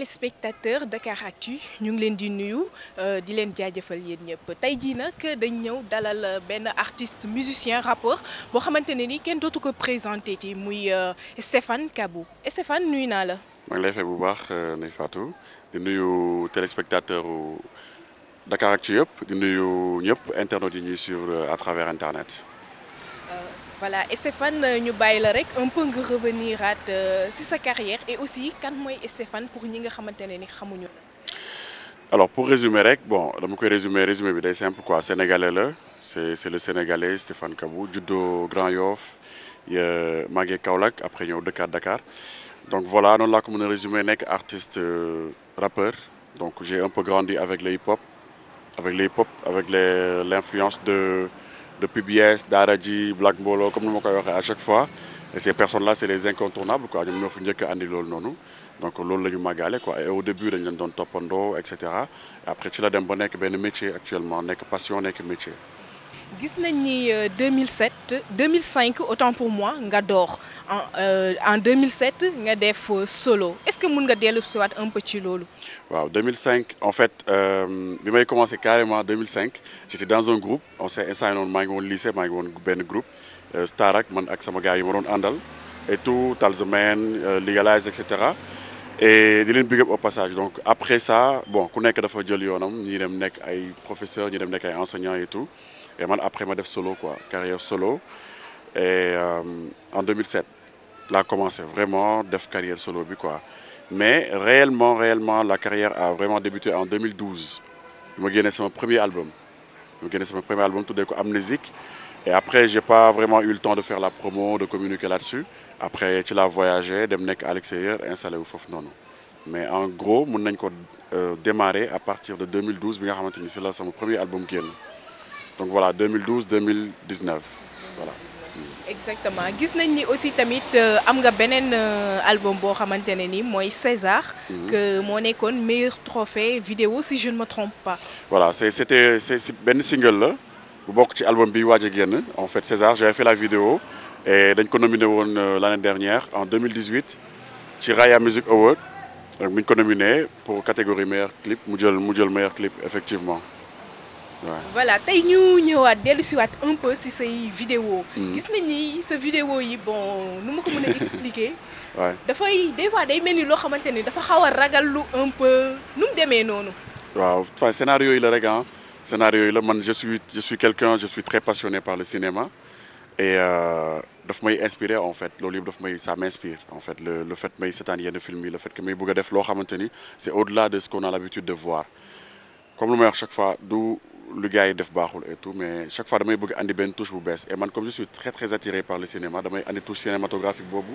Les spectateurs téléspectateurs Dakaractu ñu ngi leen di nuyu euh, di leen jaajëfal yéen ñëpp tey jii nag dañ ñëw dalal ben artiste musicien rappeur boo xamante ne ni kenn dootu ko présenté ti muy euh, Stéphane Kabou Stéphane nuyu naa la. maa ngi lay fay bu baax Ndeye Fatou di nuyu téléspectateurs Dakaractu yëpp di nuyu ñëpp internautes yi ñuy sur à travers internet voilà et Stéphane nous euh, bàyyi un peu de revenir à euh, sa carrière et aussi kan moy Stéphane pour nous nga ne alors pour résumer rek bon résumer résumé simple quoi sénégalais c'est le sénégalais Stéphane Kabou Judo Grand Yoff Magé Kaulak après cas de Dakar donc voilà nous avons un résumé résumer artiste euh, rappeur donc j'ai un peu grandi avec le hip hop avec le hip hop avec l'influence de de PBS d'Araji, Black Bolo, comme nous le koy à chaque fois et ces personnes là c'est les incontournables quoi ne ñoo pas que andi donc loolu la ñu quoi et au début dañ leen Topando, toppandoo et etc. après c'est un bonheur métier actuellement une passion un métier gis nañ ni 2007 euh, 2005 autant pour moi j'adore. en euh, en 2007 nga def euh, solo est-ce que vous nga fait si un peu de temps? 2005 en fait bi may commencé carrément 2005 j'étais dans un groupe on s'est installé dans un lycée dans un woon groupe Starak man ak sama gars yi et tout Talisman, Legalize et cetera. et di leen big up au passage donc après ça bon ku nekk dafa jël yoonam ñi dem nekk ay professeurs ñi dem nekk ay enseignants et tout et après ma suis solo quoi carrière solo et euh, en 2007 là, commencé vraiment def carrière solo quoi mais réellement réellement la carrière a vraiment débuté en 2012 me génne mon premier album J'ai mon mon premier album tout ko Amnésique et après n'ai pas vraiment eu le temps de faire la promo de communiquer là-dessus après tu l'as voyagé Demnek, nekk à l'extérieur installé au Fof non mais en gros je nañ euh, démarré à partir de 2012 c'est mon premier album donc voilà 2012 2019 voilà. exactement gis nañ ni aussi tamit euh, am euh, album qui a ni César. Mhm. que est le meilleur trophée vidéo si je ne me trompe pas. voilà c'était un single la bu album bi en fait César j'avais fait la vidéo et dañ nominé euh, l'année dernière en 2018 ci Raya Music Award donc nominé pour catégorie meilleur clip mu meilleur clip effectivement voilà tay ñu ñëwaat dellusiwaat un peu ci ces vidéo mm. gis nañ ni ce vidéo yi bon nu mako ko expliquer. a expliquer dafay des fois day melni lo xamanteni xamante ni dafa xaw ragal lu un peu nu démé demee waaw fa scénario yi la rek hein. scénario yi la man je suis je suis quelqu'un je suis très passionné par le cinéma et euh, daf may inspiré en fait loolu yëpp daf may ça m'inspire en fait le le fait may seetaan yenn film yi le fait que may bëgg def lo xamanteni c'est au-delà de ce qu'on a l'habitude de voir comme lu may wax chaque fois du le gars est def baaxul et tout mais chaque fois damay bëgg andi ben touche bu bees et man comme je suis très très attiré par le cinéma damay andi touche cinématographique bobu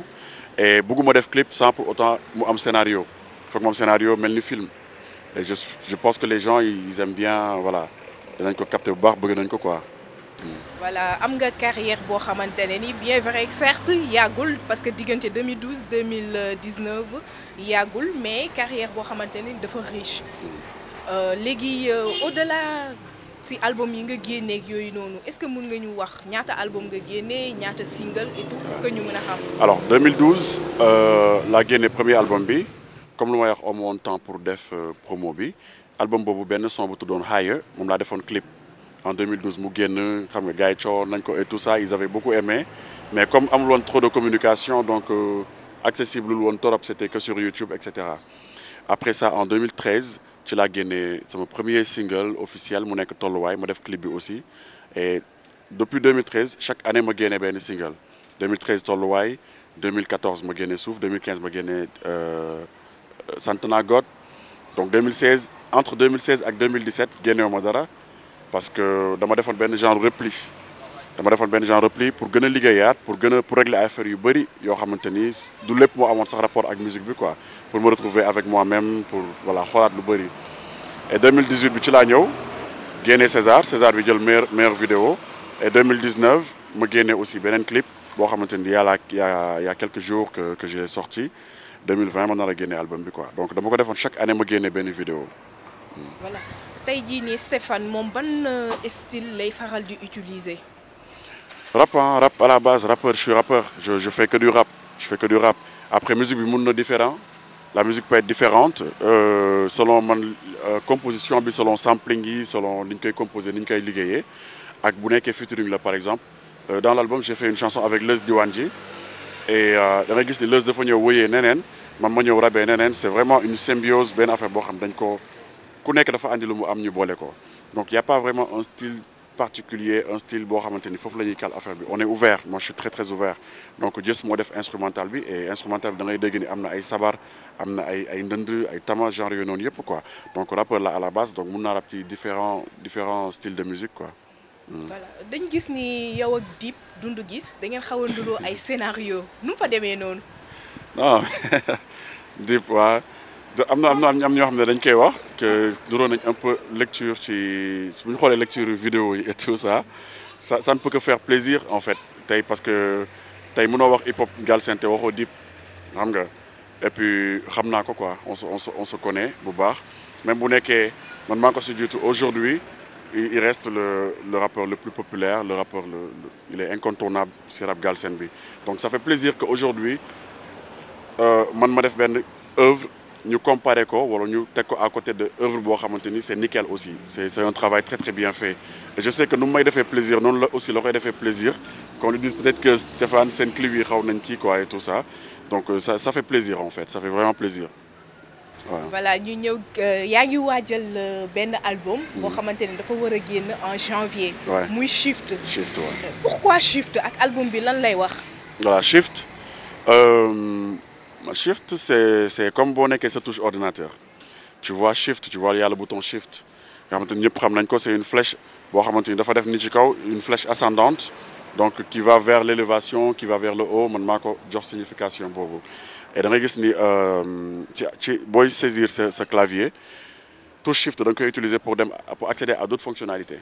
et bëgguma def clip sans pour autant mu am scénario faut que un scénario melni le film et je je pense que les gens ils aiment bien voilà danañ ko capter bu baax bëgg nañ ko quoi. voilà am nga carrière bo xamante ni bien vrai certes yagul parce que diggante 2012 2019 yagul mais carrière bo xamante dafa riche mm. euh, léegi euh, au-delà si album yi nga génneeg yooyu nonou est-ce que mën nga ñu wax ñaata album nga génnee ñaata single et tout pour que ñu mëna xam. alors 2012 euh, la génne premier album bi comme lu may wax amu woon temps pour def euh, promo bi album bobu ben son bu tuddoon Higher mom la defone clip en 2012 mu génn xam nga gay cho nañ ko et tout ça ils avaient beaucoup aimé mais comme amul woon trop de communication donc euh, accessible lu woon torop c'était que sur YouTube et cetera après ça en 2013 ci la génnee sama premier single officiel mu nek tolluwaay ma def clip bi aussi et depuis 2013 chaque année ma génnee ben single 2013 tolluwaay 2014 ma génnee Souf, 2015 ma génnee euh naa God donc 2016 entre 2016 ak 2017 génneewu ma dara parce que dama defoon ben genre repli dama defoon ben genre repli pour gëna a pour gëna pour régler affaire yu bëri yo xamante du lepp moo amone sax rapport ak musique bi quoi pour me retrouver avec moi-même pour voilà xolat lu bëri et 2018 bi ci la César César bi jël meilleur meilleure vidéo et 2019 j'ai gagné aussi un clip Il y' a quelques jours que que j'ai sorti 2020 ma na a album quoi donc chaque année ma une benn vidéo. voilà tay ji Stéphane mon ban euh, style lay faral di utiliser. rap hein, rap à la base rappeur je suis rappeur je je fais que du rap je fais que du rap après musique bi monde, na différent la musique peut être différente euh, selon mon euh, composition selon selon sampling selon ni koy composé ni ñu koy liggéeyee ak bu featuring par exemple euh, dans l'album j'ai fait une chanson avec Les Diwanji. et da nga gis ni de dafa ñëw woyee neneen c'est vraiment une symbiose Ben affaire boo xam dañ ko ku dafa andi lu mu am ñu a pas vraiment un style particulier un style boo xamante ni foofu la kal affaire bi on est ouvert moi je suis très très ouvert donc Jess moo def instrumental bi et instrumental dans da ngay Amna, ni Amna, ay sabar amna ay ay ndënd ay tama genre non noonu quoi donc rappeur la à la base donc on a rap différents différents styles de musique quoi. Hmm. voilà dañ gis ni yow ak Dip Doundou Guiss da ngeen ay scénario Nous fa demee non Dip wa am na am na am ñoo xam ne dañ koy wax que duroon nañ un peu lecture ci bu ñu xoolee lecture vidéo yi et tout ça ça ça ne peut que faire plaisir en fait tey parce que tey mënoo wax hip hop Galsen te waxoo Dip xam nga et puis xam naa ko quoi on se on se on se connaît bu baax même bu nekkee man maa ko si jiitu aujourd'hui il reste le le rappeur le plus populaire le rappeur le il est incontournable si rap Galsen bi donc ça fait plaisir que aujourd'hui euh, man ma def benn œuvre nous comparer ko wala à côté de œuvre c'est nickel aussi c'est un travail très très bien fait je sais que nous avons fait plaisir nous aussi la koy fait plaisir qu'on lui dise peut-être que Stéphane saint clip yi quoi et tout ça donc euh, ça ça fait plaisir en fait ça fait vraiment plaisir voilà nous avons euh, yaa ngi euh, album. en janvier. muy Shift. Shift pourquoi Shift ak album bi voilà Shift. Shift, c'est comme bonnet que ça touche ordinateur. Tu vois Shift, tu vois, il y a le bouton Shift. C'est une flèche, une flèche ascendante, donc qui va vers l'élévation, qui va vers le haut. Je signification Et dans tu saisis saisir ce, clavier. Tout Shift, donc, est utilisé pour, pour accéder à d'autres fonctionnalités.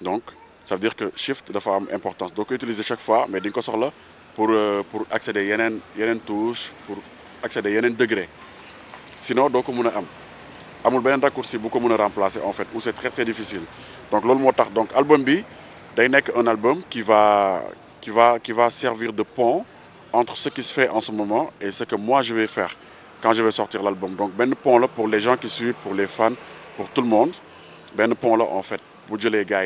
Donc, ça veut dire que Shift, de forme importance. Donc, utiliser chaque fois, mais d'un pour, euh, pour accéder à une touche, pour accéder un degré sinon il y a am amul benen raccourci bu remplacer en fait ou c'est très très difficile donc l'album est donc album un album qui va qui va qui va servir de pont entre ce qui se fait en ce moment et ce que moi je vais faire quand je vais sortir l'album donc ben pont pour les gens qui suivent pour les fans pour tout le monde ben pont là en fait les gars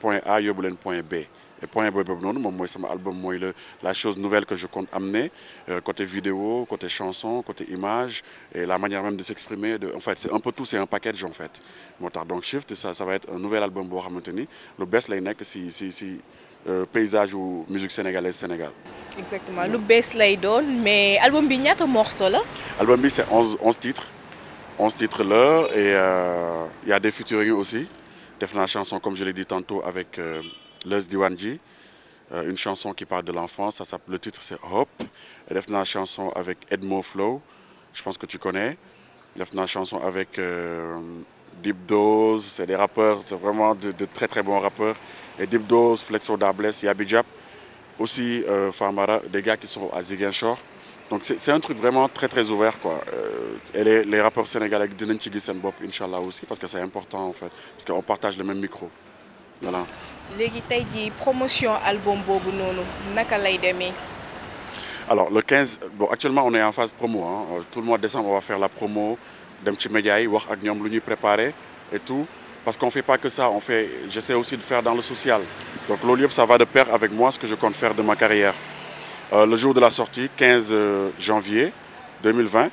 point A et point B et point boobu noonu moi, c'est mon album moi la la chose nouvelle que je compte amener euh, côté vidéo côté chanson côté image et la manière même de s'exprimer de en fait c'est un peu tout c'est un package en fait Mon tard donc Shift ça ça va être un nouvel album pour maintenir Le best lay nekk si euh, paysage ou musique sénégalaise Sénégal. exactement le best lay donne mais album bi ñata morceau là. album bi c'est 11 titres 11 titres là et il euh, y a des featuring aussi Des finales chanson comme je l'ai dit tantôt avec. Les Diwanji, euh, une chanson qui parle de l'enfance. Le titre, c'est Hop. Elle a fait une chanson avec Edmo Flow, je pense que tu connais. Elle a fait une chanson avec euh, Deep Dose, c'est des rappeurs, c'est vraiment de, très très bons rappeurs. Et Deep Dose, Flexo Dables, Yabijap, aussi euh, Farmara, des gars qui sont à Ziguinchor. Donc c'est un truc vraiment très très ouvert quoi. et les, rappeurs sénégalais, Dinen Tchigui Senbop, Inch'Allah aussi, parce que c'est important en fait, parce qu'on partage le même micro voilà. promotion album Bobo Nono, naka alors le 15 bon actuellement on est en phase promo hein. euh, tout le mois de décembre on va faire la promo dem ci média yi wax ak ñom préparer et tout parce qu'on fait pas que ça on fait j'essaie aussi de faire dans le social donc loolu ça va de pair avec moi ce que je compte faire de ma carrière euh, le jour de la sortie 15 euh, janvier 2020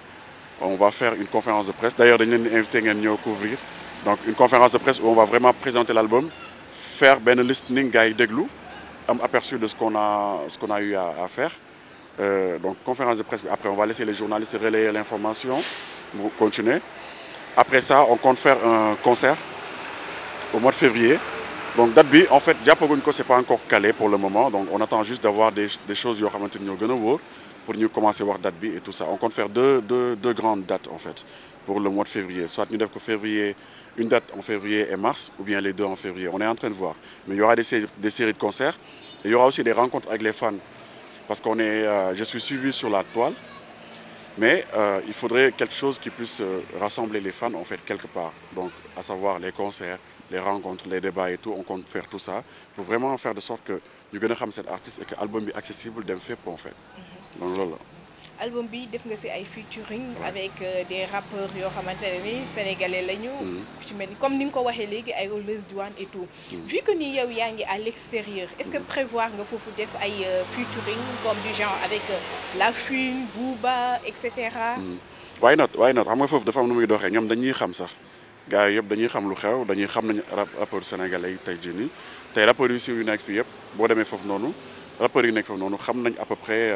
on va faire une conférence de presse d'ailleurs nous leen invité ngeen couvrir donc une conférence de presse où on va vraiment présenter l'album faire ben listening gars aperçu de ce qu'on a ce qu'on a eu à, faire euh, donc conférence de presse après on va laisser les journalistes relayer l'information continuer après ça on compte faire un concert au mois de février donc date en fait une ce c'est pas encore calé pour le moment donc on attend juste d'avoir des des choses pour nous commencer à voir et tout ça on compte faire deux deux deux grandes dates en fait pour le mois de février soit nous def février une date en février et mars, ou bien les deux en février. On est en train de voir. Mais il y aura des, séries, de concerts, et il y aura aussi des rencontres avec les fans. Parce qu'on est, euh, je suis suivi sur la toile, mais euh, il faudrait quelque chose qui puisse euh, rassembler les fans en fait quelque part. Donc, à savoir les concerts, les rencontres, les débats et tout, on compte faire tout ça pour vraiment faire de sorte que nous connaissons cet artiste et que l'album est accessible d'un fait pour en fait. Mm-hmm album bi def nga ci ay featuring avec euh, des rappeurs ni sénégalais lañu. Mm. ku ci mel comme ni ko ay et tout. Mm. vu que ni yow nous, à l'extérieur est-ce que mm. prévoir nga fofu def ay euh, featuring comme du genre avec euh, La fume Booba etc.? cetera. why not why not xam nga dafa am muy dañuy xam sax dañuy xam lu xew dañuy xam sénégalais nous, rappeurs yu xam nañ à peu près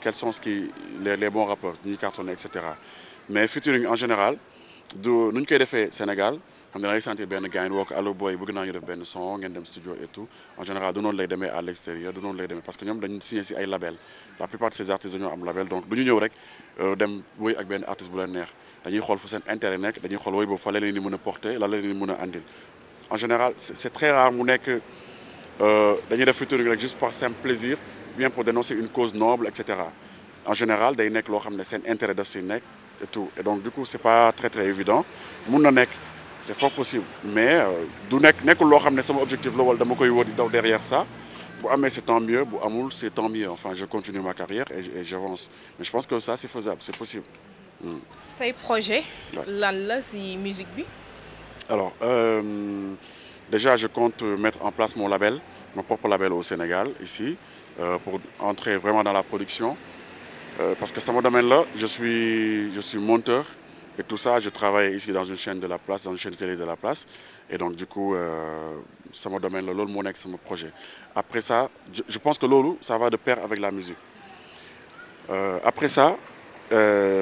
quels sont ce qui, les, les, bons rapports, ni cartonnés, etc. Mais featuring en général, nous avons fait au Sénégal, nous avons senti ben gain walk allo boy bëgg nañu def ben son ngeen dem studio et tout en général nous non lay démé à l'extérieur nous non lay démé parce que ñom avons signé ci ay label la plupart de ces artistes dañu am label donc nous ñëw rek euh, dem woy ak ben artiste bu leen neex dañuy xool fu seen intérêt nekk dañuy xool woy boobu fa la leen di porter la andil en général c'est très rare mu nous euh, dañuy def featuring rek juste par simple plaisir bien pour dénoncer une cause noble etc. en général day nekk loo xam ne intérêt ces et tout et donc du coup c'est pas très très évident c'est fort possible mais euh, du nekk nekkul loo xam c'est objectif derrière ça bu tant mieux bu tant mieux enfin je continue ma carrière et j'avance mais je pense que ça c'est faisable c'est possible. Ces hmm. projet. lan là, si musique bi. alors euh, déjà je compte mettre en place mon label mon propre label au Sénégal ici. Euh, pour entrer vraiment dans la production. Euh, parce que ça me domaine-là, je suis, je suis monteur et tout ça, je travaille ici dans une chaîne de la place, dans une chaîne télé de la place. Et donc, du coup, ça me domaine-là, mon ex, c'est mon projet. Après ça, je, pense que l'eau, ça va de pair avec la musique. Euh, après ça,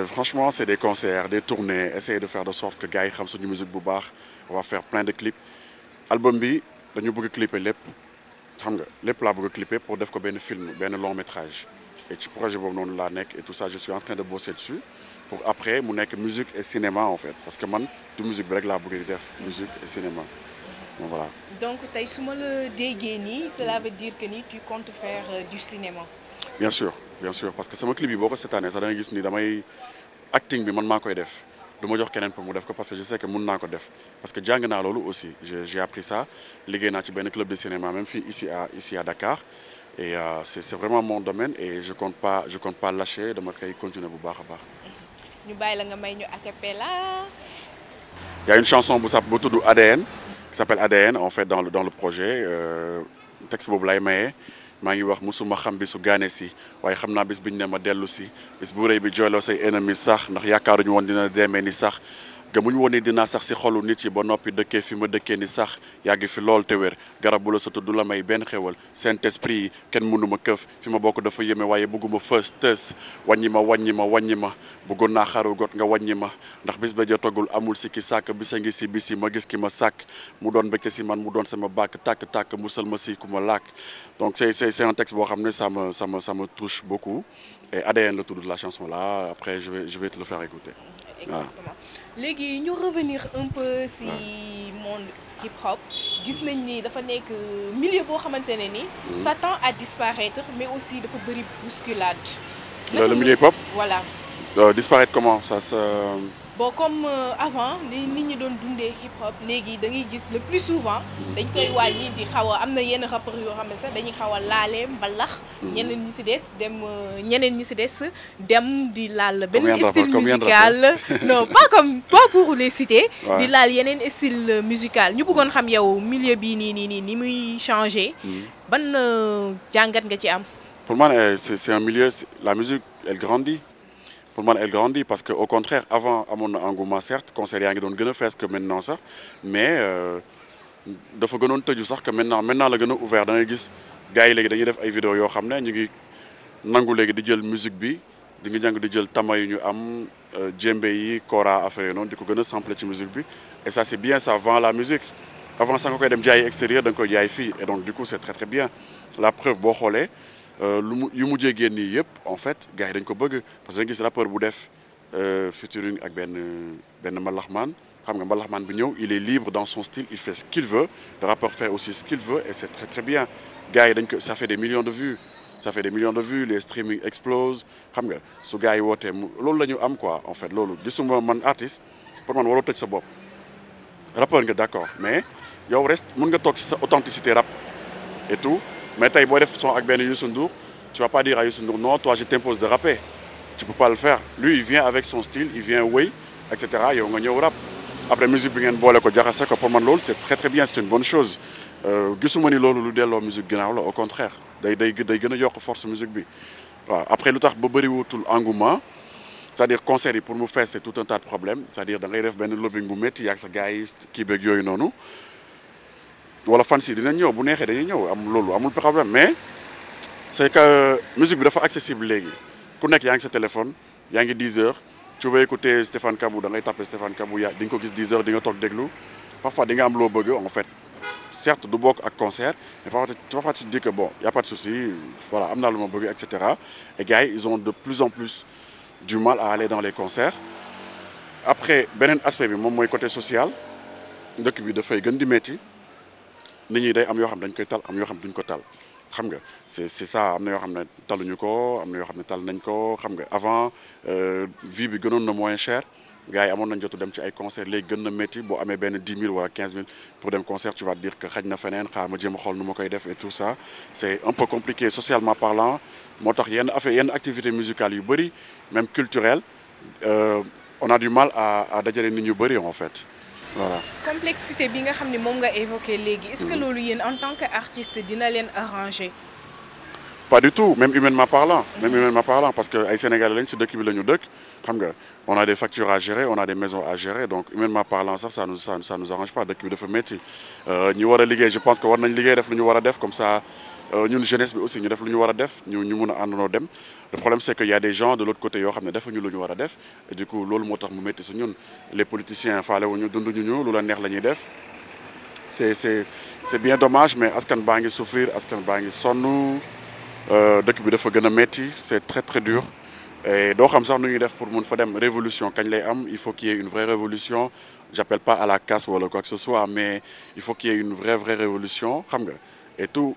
franchement, c'est des concerts, des tournées, essayer de faire de sorte que Guy gens musique musique musique. On va faire plein de clips. album L'album, clip et clipper xam nga lépp laa bëgg a clipper pour def ko benn film benn long métrage et ci projet boobu noonu laa nekk et tout ça je suis en train de bosser dessus pour après mu nekk musique et cinéma en fait parce que man du musique bi rek laa bëgg di def musique et cinéma donc voilà. donc tey su ma la déggee nii cela veut dire que ni tu comptes faire euh, du cinéma. bien sûr bien sûr parce que sama clip yi boo ko année sax da nga gis ni damay acting bi man maa koy def du ma jox keneen pour mu def ko parce que je sais que mun naa def parce que jàng naa aussi j'ai appris ça ligué na ci ben club de cinéma même fii ici à ici à Dakar et euh, c'est c'est vraiment mon domaine et je compte pas je compte pas lâcher dama koy continuer bu baax a baax. ñu bàyyi la nga may ñu il y a une chanson bu sa bu tudd ADN qui s'appelle ADN en fait dans le dans le projet euh, texte boobu lay mayé maa ngi wax musuma xam bisu gaane si waaye xam naa bis biñ ne ma dellu si bis bu rëy bi jooyloo say ennemis sax ndax yaakaaruñu woon dina demee ni sax gëmuñ woon ni dinaa sax ci xolou nit ci bo nopi dëkkee fi ma dëkkee ni sax yagi fi lol té wér garab bu la sa tuddu la may ben xewal Saint Esprit ken kenn keuf fi ma bokk dafa yéeme waaye bëgguma first tës wàññi ma wàññi ma wàññi xaru got nga wàññi ndax bis ba amul si sak bi bisa ngi si bisi ma gis ki ma sak mu doon mbégte si man mu doon sama bàkk tak tak musal ma si kuma ma donc c'est c'est c'est un texte bo xamné ça me ça me ça me touche beaucoup et ADN le tout de la chanson là après je vais je vais te le faire écouter exactement ah. léegi nous revenir un peu si monde hip hop gis nañ ni dafa nekk euh, milieu boo xamante ni. Hmm. ça tend à disparaître mais aussi faire des bousculade. le milieu hip hop voilà. Euh, disparaître comment ça se. Euh, comme euh, avant les gens qui doon hip hop les le plus souvent mm. dañ a rappeurs xam mm. des dem euh, des di lal style musical non pas comme pas pour les citer di lal yeneen style euh, musical ñu bëggon xam yow milieu bi ni ni ni changé mm. ban jangat nga pour moi eh, c'est un milieu la musique elle grandit pour moi elle grandit parce que au contraire avant à mon engouement certes concert yangi ngi doon gën que maintenant ça mais euh, dafa gënoon tëju sax que maintenant maintenant la gën ouvert da ngay gis gars yi léegi dañuy def ay vidéo yo xamné ñu ngi nangu léegi di jël musique bi di ngi jang di jël tamay ñu am euh, djembe yi kora affaire non noonu di ko gën a ci musique bi et ça c'est bien ça vend la musique avant ça nga dem jaay extérieur da nga koy jaay fi et donc du coup c'est très très bien la preuve bo xoolee euh, lu mu yu mujjee génn en fait gars yi dañ ko bëgg parce que ce gis rappeur bu def euh, featuring ak benn benn Malaxman xam nga bu ñëw il est libre dans son style il fait ce qu'il veut le rappeur fait aussi ce qu'il veut et c'est très très bien gars yi ko ça fait des millions de vues ça fait des millions de vues les streaming explose xam nga su gars yi wootee loolu la am quoi en fait loolu gisuma man artiste pour man waroo tëj sa bopp rappeur nga d'accord mais yow reste mën nga toog ci sa authenticité rap et tout mais tu as son avec Ben Youssou Ndour, tu vas pas dire à Youssou non, toi je t'impose de rapper. Tu peux pas le faire. Lui, il vient avec son style, il vient way, etc. Et on gagne au rap. Après, musique bi ngeen boole ko jaxase ko pour c'est très très bien c'est une bonne chose euh, gisuma ni loolu lu delloo musique ginnaaw au contraire day day day force musique bi après lu tax ba bëriwutul engouement c'est-à-dire concert pour nous faire c'est tout un tas de problèmes c'est-à-dire da ngay def un lobbying bu métti yaag sa gars yi kii wala fans yi dina ñëw bu neexee dañuy ñëw am loolu amul problème mais c'est que musique bi dafa accessible légui ku nekk yaa ngi sa téléphone yaa ngi 10 heures tu veux écouter Stéphane Kabou da ngay tapé Stéphane Kabou ya di nga ko gis 10 heures di nga toog déglu parfois di nga am loo bëgg en fait certes du bokk ak concert mais parfois parfois tu dis que bon y a pas de souci voilà am naa lu ma bëgg et cetera et gars ils ont de plus en plus du mal à aller dans les concerts après benen aspect bi moom mooy côté social dëkk bi dafay gën di métti nous avons des choses qui nous ont été faites. C'est ça, nous avons des choses qui nous ont été faites. Avant, la euh, vie était moins chère. Les gens ont des concerts, les gens ont des métiers, ils ont 10 000 ou 15 000 pour des concert, tu vas dire que tu as des choses qui nous ont été faites. C'est un peu compliqué socialement parlant. Il y a des activités musicales, même culturelles. Euh, on a du mal à, à dégager les gens en fait voilà complexité bi nga xam mom nga évoqué légui, est-ce que mhm. lolu yeen en tant que artiste dina len arranger. pas du tout même humainement parlant mhm. même humainement parlant parce que ay sénégalais lañ ci dëkk bi lañu dëkk xam nga on a des factures à gérer on a des maisons à gérer donc humainement parlant ça, ça nous ça nous arrange pas dëkk bi dafa métti euh, ñu wara liguer, je pense que war nañ liggéey def lu ñu wara def comme ça. Euh, ñun jeunesse bi aussi ñu def lu ñu war def ñu ñu mun a dem le problème c'est qu'il y a des gens de l'autre côté qui xam ne defuñu lu ñu def et du coup loolu moo nous mu métti les politiciens faale wuñu dunduñu ñu nous, la neex la def c'est c'est c'est bien dommage mais askan baa souffrir askan baa sans nous, euh, dëkk bi dafa gën c'est très très dur et donc, xam sax nu ñuy def pour mon fa dem révolution kañ lay am il faut qu'il y ait une vraie révolution j'appelle pas à la casse à quoi que ce soit mais il faut qu'il y ait une vraie vraie révolution xam nga et tout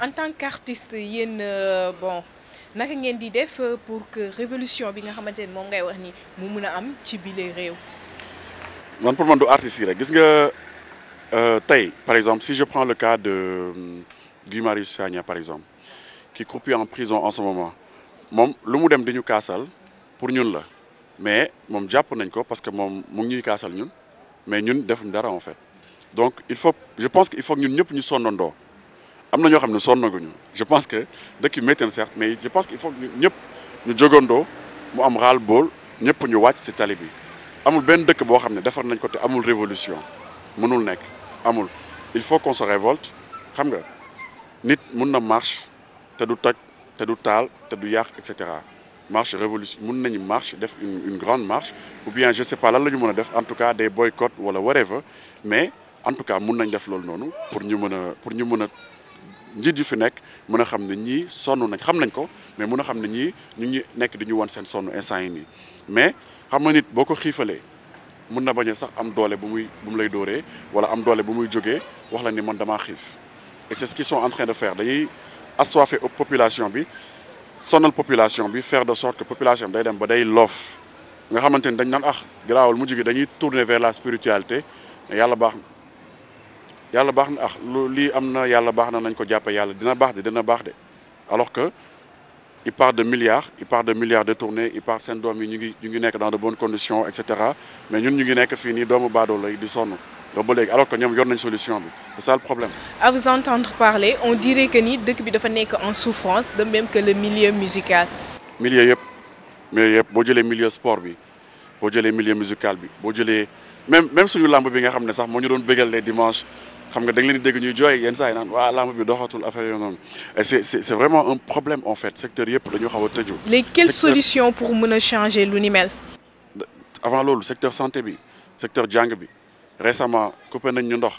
en tant qu'artiste yéen euh, bon naka ngeen di def pour que révolution bi nga xamantene mom ngay wax ni mu meuna am ci bile réew. man pour man do artiste rek gis nga euh, tay par exemple si je prends le cas de euh, Guy Marius Sagna par exemple qui croupit en prison en ce moment Mom lu mu dem diñu kassal pour ñun la mais mom japp nañ ko parce que mom mu ngi kassal ñun mais ñun defuñ dara en fait donc il faut je pense qu'il faut que ñun ñëpp ñu sonndo amna ñoo xam ne sonnaguñu je pense que dëkk yu na certes mais je pense qu'il faut ñëpp ñu jogondo mu am ral bol ñëpp ñu wacc ci tali bi amul ben dëkk bo xam ne nañ ko té amul révolution mënul nek, amul il faut qu'on se révolte xam nga nit mun na marche té du toj té du tal té du yàq etc marche révolution mun marche def une une grande marche ou bien je sais pas lan lañu mëna def en tout cas des boycotts wala whatever mais en tout cas mun nañ def lool nonu pour ñu mëna pour ñu mëna njiit yu fi nekk mën a xam ne ñii sonn nañ xam nañ ko mais mën a xam ne ñii ñu ñi nek di ñu wan seen sonn instant yi mais xam nit boko ko mën na bañ sax am doole bu muy bu mu lay dóoree wala am doole bu muy jógee wax la ni man dama xif et c'est ce qu'ils sont en train de faire dañuy assoiffé population bi sonal population bi faire de sorte que population bi day dem ba day lof nga xamanteni dañ nan ah grawul mu jigi dañuy tourner vers la spiritualité yalla bax yalla baxna na ah lu lii am na nañ ko jàppe yalla dina bax de dina bax de alors que il part de milliards il part de milliards détournés il part seen doom yi ñu ngi ñu ngi nek dans de bonnes conditions et cetera mais ñun ñu ngi nek fi ni doomu bado lay di sonn ba léegi alors que ñom yor nañ solution bi c'est ça le problème. à vous entendre parler on dirait que ni dëkk bi dafa nek en souffrance de même que le milieu musical. milieu yëpp milieu yëpp bo jëlé milieu sport bi bo jëlé milieu musical bi bo jëlé même même suñu lamb bi nga xamné sax mo ñu doon bégal les dimanches xam nga da nga leen di dégg ñuy jooy yenn saa yi naan waa bi doxatul affaire yooyu noonu et c'est c'est c'est vraiment un problème en fait secteur yëpp dañu xaw a tëju. léegi quelle solution pour mën changer lu ni mel. avant loolu secteur santé bi secteur jàng bi récemment coupé nañ ñu ndox.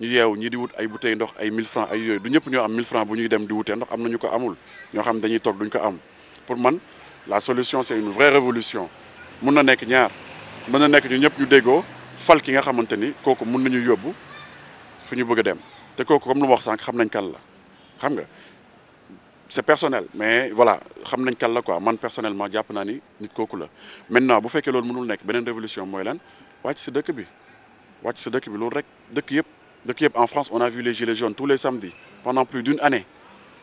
ñu yeew ñi di wut ay bouteilles ndox ay 1000 francs ay yooyu du ñëpp ñoo am 1000 francs bu ñuy dem di wutee ndox am na ñu ko amul ñoo xam dañuy toog duñ ko am pour man la solution c'est une vraie révolution mun n'ek nekk ñaar mën na nekk ñu ñëpp ñu déggoo fal ki nga xamante koko kooku mun nañu fu ñu bëgg a dem te comme lu ma wax sànq xam nañ la xam nga c'est personnel mais voilà xam nañ kan la quoi man personnellement jàpp naa ni nit kooku la maintenant bu fekkee loolu mënul nekk beneen révolution mooy lan wàcc si dëkk bi wàcc si dëkk bi loolu rek dëkk yëpp dëkk yëpp en France on a vu les gilets jaunes tous les samedis pendant plus d'une année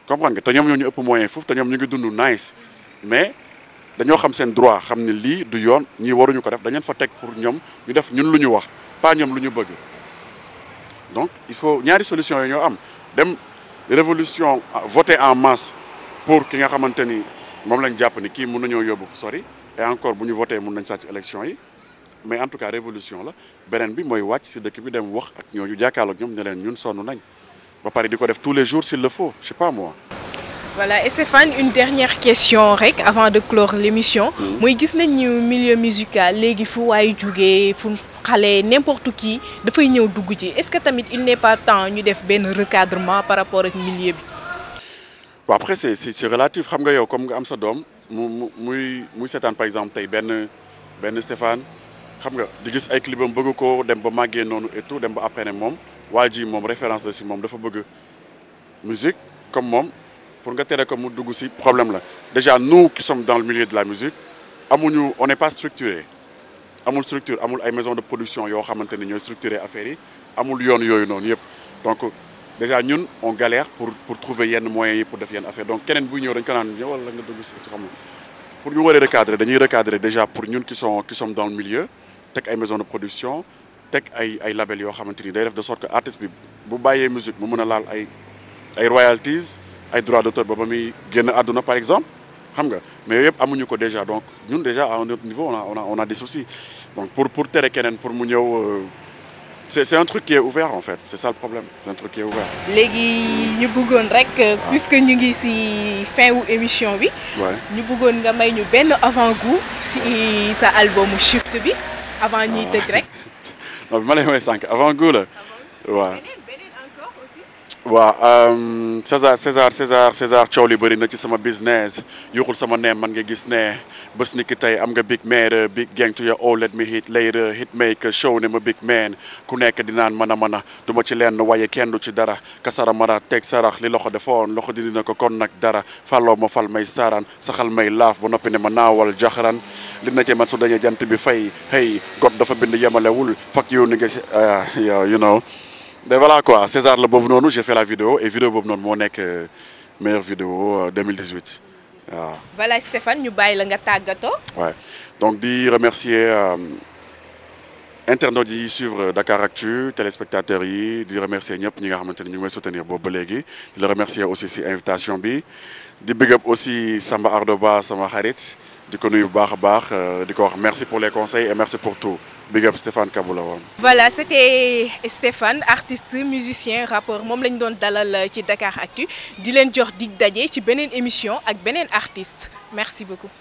comprendre nga te ñoom ñu ëpp moyen foofu te ñoom ñu ngi dund nice mais dañoo xam seen droit xam ne lii du yoon ñii waruñu ko def dañu leen fa teg pour ñoom ñu def ñun lu wax pas ñoom lu bëgg donc il faut ñaari solution yi ñoo am dem révolution ah, votées en masse pour ki nga xamante ni moom lañ jàpp ni kii mun nañoo yóbbu fu sori et encore bu ñu voté mun nañ élection yi mais en tout cas révolution la beneen bi mooy wàcc si dëkk bi dem wax ak ñooñu jàkkaarloo ak ñoom ne leen ñun sonn nañ ba pare di ko def tous les jours s'il le faut je sais pas moi. Voilà, et Stéphane, une dernière question rek, avant de clore l'émission. Moi, mm -hmm. gis nañ milieu musical légui fu way joggé fu n'importe qui est-ce que n'est pas temps ñu def un recadrement par rapport ak milieu après c'est c'est relatif xam nga yow comme nga am sa dom par exemple tay ben Stéphane xam nga di gis ay bëgg ko dem ba la musique comme pour nga problème déjà nous qui sommes dans le milieu de la musique amuñu on n'est pas structuré amul structure amul ay maison de production yo xamanteni ñoy ñooy structurer affaire yi amul yoon yoyu non yëpp donc déjà ñun on galère pour pour trouver yenn moyens yi pour def yenn affaire donc keneen bu ñëw dañ ko naan ñëwal la nga dugg ci xam nga pour ñu waree recadrer dañuy recadrer déjà pour ñun qui sont qui sommes dans le milieu tek ay maison de production tek ay ay label yo xamanteni day def de sorte que artiste bi bu bayé musique mu mën laal ay ay royalties ay droits d'auteur ba ba muy génn àdduna par exemple xam nga mais yëpp amuñu ko déjà donc ñun déjà à un autre niveau on a on a on a des soucis donc pour pour tere kenen pour mu ñew euh, c'est c'est un truc qui est ouvert en fait c'est ça le problème c'est un truc qui est ouvert. léegi ñu bëggone rek. Euh, ah. puisque ñu ngi ci fin ou émission bi. ñu bëggone nga may ñu ben avant-goût ci sa album Shift bi avant ñuy ah. tëj rek. non bi ma sank avant-goût là ouais waaw César César César César coow li bëri na ci sama business yuuxul sama ne man nga gis ne bés ni ki tey am nga big man big gang to your all let me hit later hit make show ne ma big man ku nekk dinaan mën a mën a du ma ci lenn waaye kenn du ci dara kasara mara teg sarax li loxo defoon loxo dindi na ko kon nag dara falloo ma fal may saaraan saxal may laaf ba noppi ne ma naawal jaxaran li na ci man su dañee jant bi fay hey god dafa bind yemalewul fuck you ni nga si ah, you mais voilà quoi César le Bobnon, j'ai fait la vidéo et vidéo Bobnon, noonu meilleur meilleure vidéo 2018 euh, voilà Stéphane ñu bàyyi la nga de donc di remercier euh, internautes qui suivre Dakar Actu téléspectateurs yi remercier ñëpp ñi nga soutenir Bob ba remercier aussi l'invitation. invitation bi big up aussi Samba Ardoba et xarit di ko nuyu bu baax euh, merci pour les conseils et merci pour tout. Big up Stéphane voilà c'était Stéphane artiste musicien rappeur je suis ñu doon dalal ci Dakar Actu di leen jox dig daje ci une émission avec un artiste merci beaucoup.